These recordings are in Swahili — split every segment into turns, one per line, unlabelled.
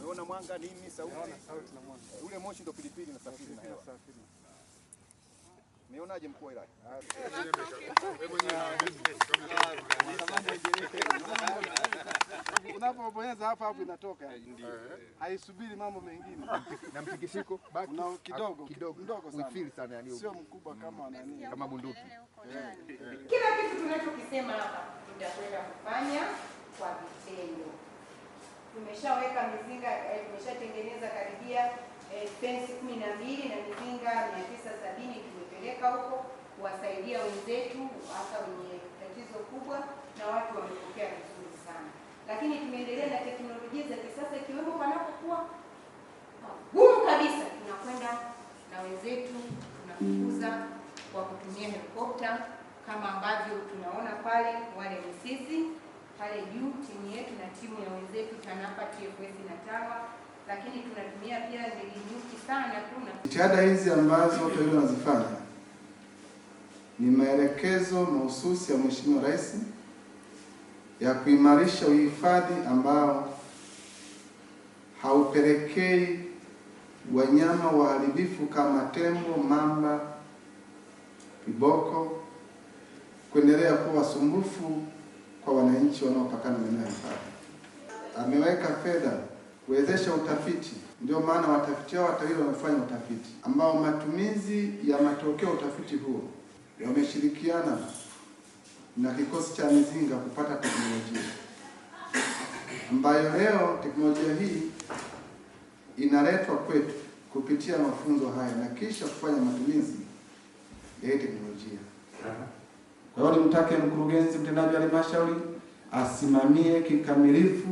Umeona mwanga nini, sauti?
Sauti na mwanga. Ule moshi ndo pilipili na na hewa.
Umeonaje mkuu wa wilaya? Ah,
Unapobonyeza hapa hapo inatoka. Haisubiri mambo mengine.
Na mtikisiko
baki kidogo
kidogo, mdogo sana. Sio
mkubwa kama nani?
Kama bunduki
maana tutakwenda kufanya kwa vitendo. Tumeshaweka mizinga eh, tumeshatengeneza karibia eh, fensi kumi na mbili na mizinga mia tisa sabini tumepeleka huko kuwasaidia wenzetu hasa wenye tatizo kubwa, na watu wamepokea vizuri sana. Lakini tumeendelea na teknolojia za kisasa ikiwemo panapokuwa magumu kabisa, tunakwenda na wenzetu tunakuguza kwa kutumia helikopta kama ambavyo tunaona pale, wale ni sisi pale juu, timu yetu na timu ya wenzetu TANAPA, TFS na TAWA, lakini tunatumia pia ndege nyuki sana. Kuna
jitihada hizi ambazo TAWI wanazifanya ni maelekezo mahususi ya Mheshimiwa Rais ya kuimarisha uhifadhi ambao haupelekei wanyama waharibifu kama tembo, mamba, viboko kuendelea kuwa wasumbufu kwa wananchi wanaopakana maeneo ya hifadhi. Ameweka fedha kuwezesha utafiti, ndio maana watafiti hao watawili wamefanya utafiti ambao matumizi ya matokeo utafiti huo wameshirikiana na kikosi cha Mizinga kupata teknolojia ambayo leo teknolojia hii inaletwa kwetu kupitia mafunzo haya na kisha kufanya matumizi ya hii teknolojia. Kwa hiyo nimtake mkurugenzi mtendaji wa halmashauri asimamie kikamilifu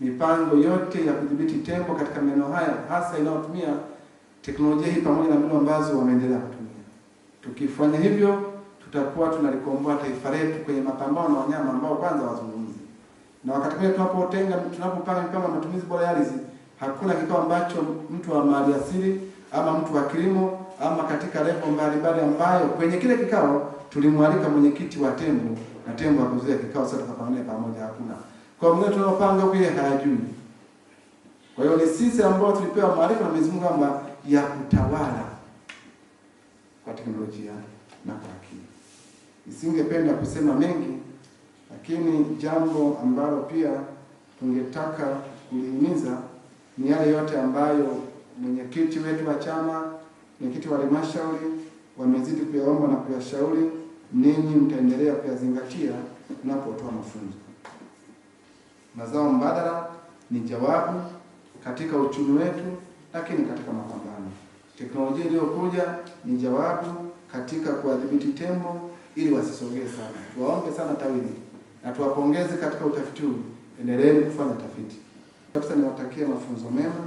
mipango yote ya kudhibiti tembo katika maeneo haya hasa inayotumia teknolojia hii pamoja na mbinu ambazo wameendelea kutumia. Tukifanya hivyo, tutakuwa tunalikomboa taifa letu kwenye mapambano na wanyama ambao kwanza wazungumzi. Na wakati mwingine tunapotenga, tunapopanga mipango ya matumizi bora ya ardhi, hakuna kikao ambacho mtu wa maliasili ama mtu wa kilimo ama katika levo mbalimbali ambayo kwenye kile kikao tulimwalika mwenyekiti wa Tembo na Tembo akuzuia kikao, sasa tukapangia pamoja, hakuna kwa mwenye tunaopanga huko hayajui. Kwa hiyo ni sisi ambao tulipewa maarifa na Mwenyezi Mungu kwamba ya kutawala kwa teknolojia na kwa akili. Nisingependa kusema mengi, lakini jambo ambalo pia tungetaka kulihimiza ni yale yote ambayo mwenyekiti wetu wa chama, mwenyekiti wa halmashauri wamezidi kuyaomba na kuyashauri nini mtaendelea kuyazingatia mnapotoa mafunzo. Mazao mbadala ni jawabu katika uchumi wetu, lakini katika mapambano. Teknolojia iliyokuja ni jawabu katika kuwadhibiti tembo ili wasisogee sana. Tuwaombe sana TAWIRI na tuwapongeze katika utafiti huu, endeleeni kufanya tafiti. kabisa. niwatakie mafunzo mema,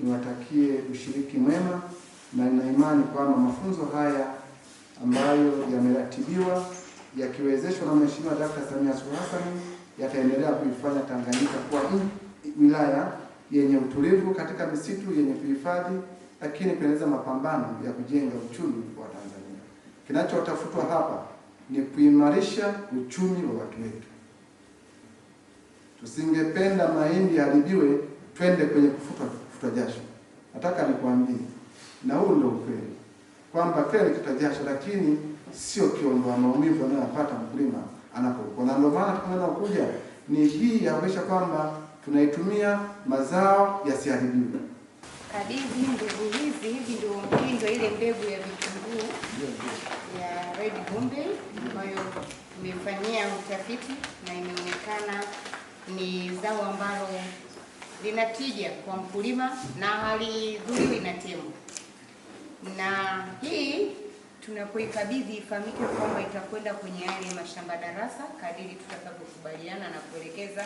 niwatakie ushiriki mwema, na nina imani kwamba mafunzo haya ambayo yameratibiwa yakiwezeshwa na Mheshimiwa Dkt. Samia Suluhu Hassan yataendelea kuifanya Tanganyika kuwa wilaya yenye utulivu katika misitu yenye kuhifadhi, lakini kuendeleza mapambano ya kujenga uchumi wa Tanzania. Kinachotafutwa hapa ni kuimarisha uchumi wa watu wetu. Tusingependa mahindi yaharibiwe, twende kwenye kufutwa kufuta jasho. Nataka nikwambie, na huu ndio ukweli kwamba kile kitu jasho, lakini sio kiondoa maumivu anayopata mkulima anapokuwa na. Ndio maana tunaokuja ni hii ya kuhakikisha kwamba tunaitumia mazao yasiharibiwe.
Kadizi mbegu hizi hivi ndio mwindo ile mbegu ya vitunguu ya Red Bombay ambayo imefanyia utafiti na imeonekana ni zao ambalo linatija kwa mkulima na hali na temu na hii tunapoikabidhi ifahamike kwamba itakwenda kwenye yale mashamba darasa kadiri tutakavyokubaliana na kuelekeza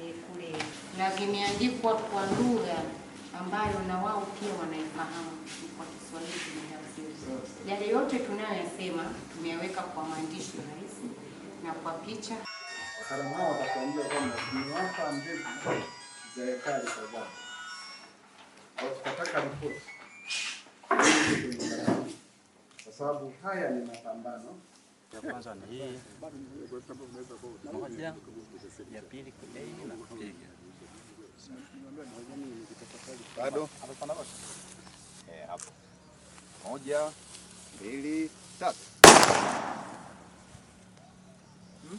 e, kule, na vimeandikwa kwa lugha ambayo na wao pia wanaifahamu kwa Kiswahili Yale yote tunayoyasema tumeyaweka kwa maandishi rahisi na kwa picha.
Wataalamu hao watakuambia kwamba tumewapa mbegu za kadhaa ripoti kwenye madawa, kwa sababu haya ni mapambano. Ya kwanza ni hii, moja ya pili na kupiga bado eh, hapo moja mbili tatu hmm?